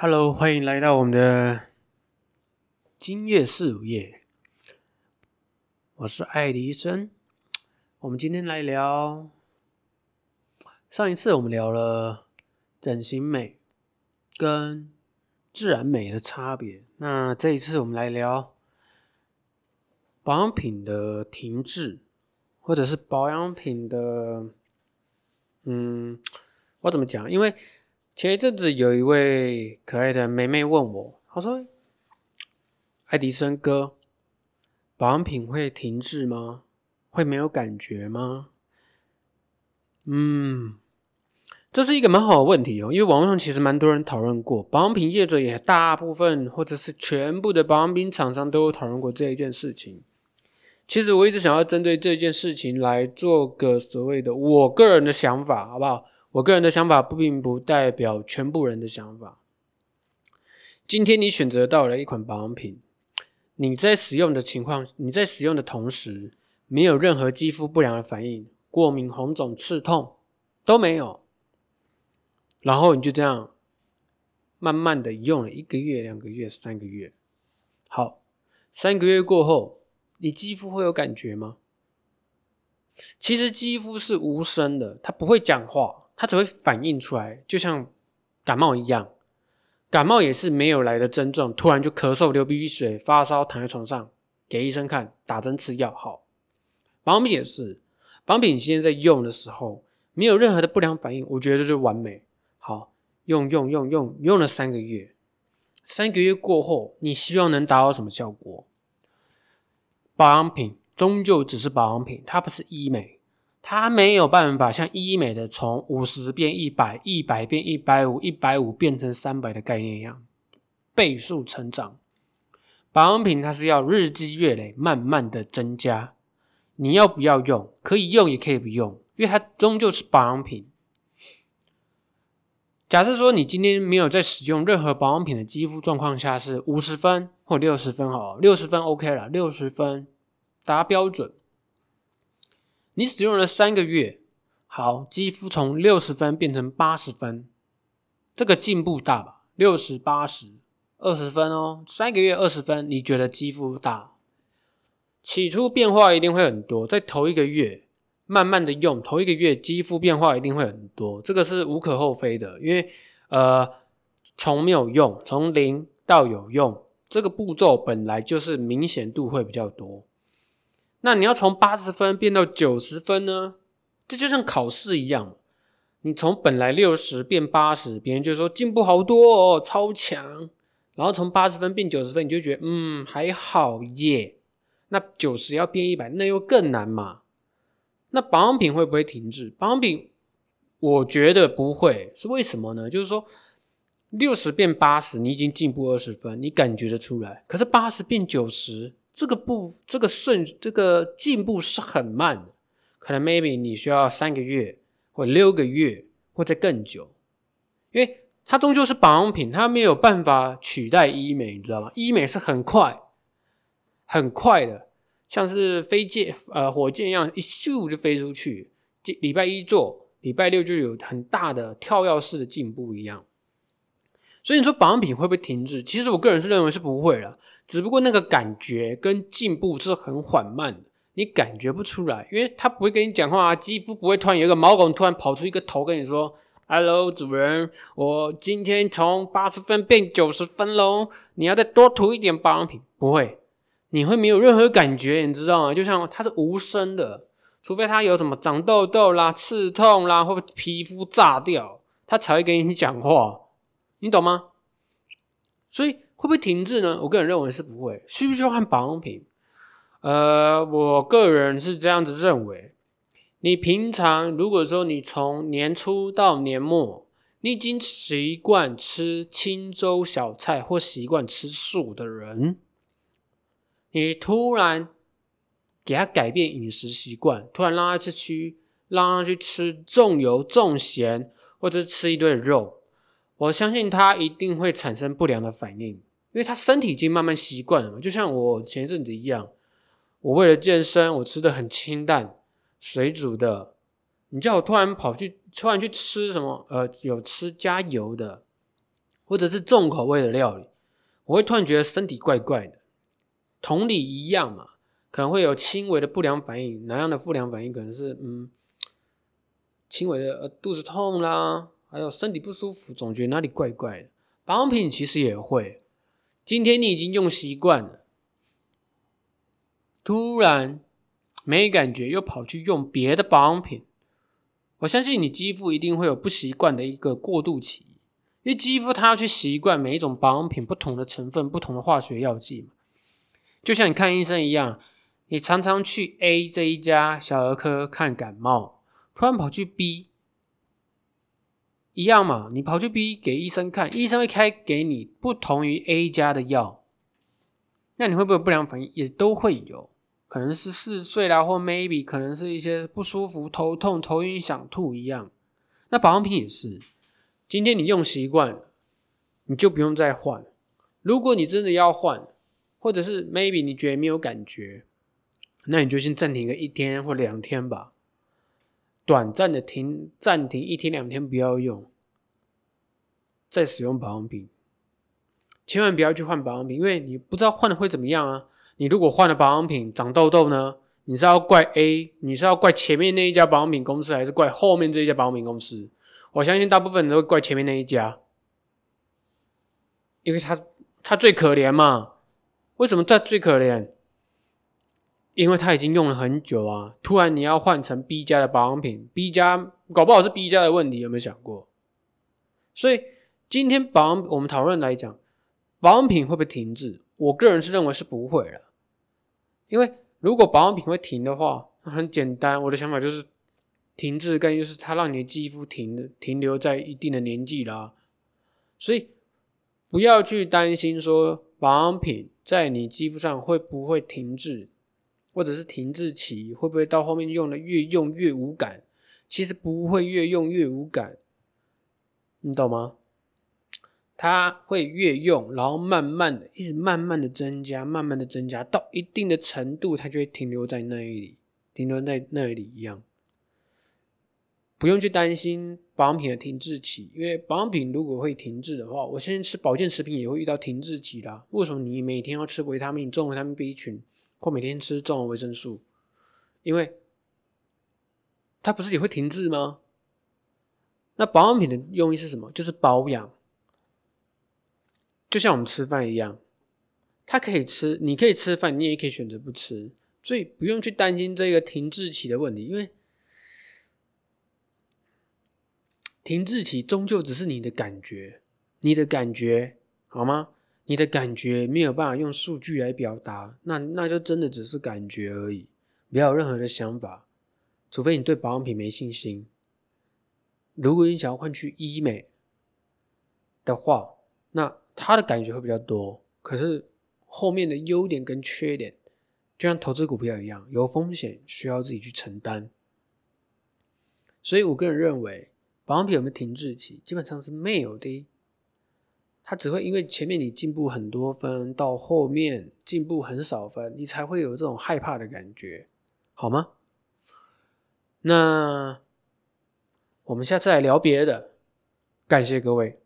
哈嘍，Hello, 歡迎來到我們的今夜是午夜。我是愛迪生，我們今天來聊。上一次我們聊了整形美跟自然美的差別，那這一次我們來聊保養品的停滯，或者是保養品的，嗯，我怎麼講？因為。前一陣子，有一位可愛的妹妹問我，她說：“愛迪生哥，保養品會停滯嗎？會沒有感覺嗎？”嗯，這是一個蠻好的問題哦，因為網絡上其實蠻多人討論過，保養品業者也大部分或者是全部的保養品廠商都有討論過這一件事情。其實我一直想要針對這件事情來做個所謂的我個人的想法，好不好？我個人的想法不並不代表全部人的想法。今天你選擇到了一款保養品，你在使用的情況，你在使用的同時，沒有任何肌膚不良的反應，過敏、紅腫、刺痛都沒有。然後你就這樣慢慢的用了一個月、兩個月、三個月。好，三個月過後，你肌膚會有感覺嗎？其實肌膚是無聲的，它不會講話。它只會反映出來，就像感冒一樣，感冒也是沒有來的真正，突然就咳嗽、流鼻，鼻水、發燒，躺在床上，給醫生看，打針吃藥好。保養品也是，保養品你現在在用的時候，沒有任何的不良反應，我覺得就完美。好，用用用用用了三個月，三個月過後，你希望能達到什麼效果？保養品終究只是保養品，它不是醫美。它沒有辦法像醫美的從五十變一百、一百變一百五、一百五變成三百的概念一樣倍數成長。保養品它是要日積月累，慢慢的增加。你要不要用？可以用也可以不用，因為它終究是保養品。假設說你今天沒有在使用任何保養品的肌膚狀況下是五十分或六十分哦，六十分 OK 啦，六十分達標準。你使用了三個月，好，肌膚從六十分變成八十分，這個進步大吧？六十八十二十分哦，三個月二十分，你覺得肌膚大？起初變化一定會很多，在頭一個月慢慢的用，頭一個月肌膚變化一定會很多，這個是無可厚非的，因為呃，從沒有用，從零到有用，這個步驟本來就是明顯度會比較多。那你要從八十分變到九十分呢？這就像考試一樣，你從本來六十變八十，別人就說進步好多哦，超強。然後從八十分變九十分，你就覺得，嗯，還好耶。那九十要變一百，那又更難嘛。那保養品會不會停滯？保養品，我覺得不會。是為什麼呢？就是說，六十變八十，你已經進步二十分，你感覺得出來。可是八十變九十。這個步，這個順，這個進步是很慢的，可能 maybe 你需要三個月或六個月或者更久，因為它終究是保養品，它沒有辦法取代醫美，你知道嗎？醫美是很快，很快的，像是飛機，呃，火箭一樣，一咻就飛出去，禮拜一做，禮拜六就有很大的跳躍式的進步一樣。所以你說保養品會不會停滯？其實我個人是認為是不會的。只不過那個感覺跟進步是很緩慢的，你感覺不出來，因為它不會跟你講話，肌膚不會突然有一個毛孔突然跑出一個頭跟你說：“Hello，啊，主人，我今天從八十分變九十分嘍，你要再多塗一點保養品。”不會，你會沒有任何感覺，你知道嗎？就像它是無聲的，除非它有什麼長痘痘啦、刺痛啦，或者皮膚炸掉，它才會跟你講話，你懂嗎？所以。會不會停滯呢？我個人認為是不會。需不需要換保養品？呃，我個人是這樣子認為。你平常如果說你從年初到年末，你已經習慣吃清粥小菜或習慣吃素的人，你突然給他改變飲食習慣，突然讓他去吃，讓他去吃重油重鹹，或者吃一堆的肉，我相信他一定會產生不良的反應。因為他身體已經慢慢習慣了嘛，就像我前一陣子一樣，我為了健身，我吃的很清淡，水煮的。你叫我突然跑去，突然去吃什麼？呃，有吃加油的，或者是重口味的料理，我會突然覺得身體怪怪的。同理一樣嘛，可能會有輕微的不良反應，哪樣的不良反應？可能是嗯，輕微的肚子痛啦，還有身體不舒服，總覺得哪裡怪怪的。保養品其實也會。今天你已經用習慣了，突然沒感覺，又跑去用別的保養品，我相信你肌膚一定會有不習慣的一個過渡期，因為肌膚它要去習慣每一種保養品不同的成分、不同的化學藥劑嘛，就像你看醫生一樣，你常常去 A 這一家小兒科看感冒，突然跑去 B。一樣嘛，你跑去 B 給醫生看，醫生會開給你不同於 A 家的藥，那你會不會有不良反應？也都會有，可能是嗜睡啦，或 maybe 可能是一些不舒服、頭痛、頭暈、想吐一樣。那保養品也是，今天你用習慣，你就不用再換。如果你真的要換，或者是 maybe 你覺得沒有感覺，那你就先暫停個一天或兩天吧。短暫的停暫停一天兩天不要用，再使用保養品，千萬不要去換保養品，因為你不知道換了會怎麼樣啊！你如果換了保養品長痘痘呢，你是要怪 A，你是要怪前面那一家保養品公司，還是怪後面這一家保養品公司？我相信大部分人都會怪前面那一家，因為他他最可憐嘛，為什麼他最可憐？因為它已經用了很久啊，突然你要換成 B 家的保養品，B 家搞不好是 B 家的問題，有沒有想過？所以今天保養我們討論來講，保養品會不會停滯？我個人是認為是不會了，因為如果保養品會停的話，很簡單，我的想法就是停滯跟就是它讓你的肌膚停停留在一定的年紀啦，所以不要去擔心說保養品在你肌膚上會不會停滯。或者是停滯期，會不會到後面用的越用越無感？其實不會越用越無感，你懂嗎？它會越用，然後慢慢的，一直慢慢的增加，慢慢的增加，到一定的程度，它就會停留在那裡，停留在那裡一樣。不用去擔心保養品的停滯期，因為保養品如果會停滯的話，我現在吃保健食品也會遇到停滯期啦、啊。為什麼你每天要吃維他命、綜合維他命 B 群？或每天吃重的維生素，因為它不是也會停滯嗎？那保養品的用意是什麼？就是保養，就像我們吃飯一樣，它可以吃，你可以吃飯，你也可以選擇不吃，所以不用去擔心這個停滯期的問題，因為停滯期終究只是你的感覺，你的感覺，好嗎？你的感覺沒有辦法用數據來表達，那那就真的只是感覺而已，不要有任何的想法，除非你對保養品沒信心。如果你想要換去醫美的話，那他的感覺會比較多，可是後面的優點跟缺點，就像投資股票一樣，有風險需要自己去承擔。所以，我個人認為保養品有沒有停滯期，基本上是沒有的。他只會因為前面你進步很多分，到後面進步很少分，你才會有這種害怕的感覺，好嗎？那我們下次來聊別的，感謝各位。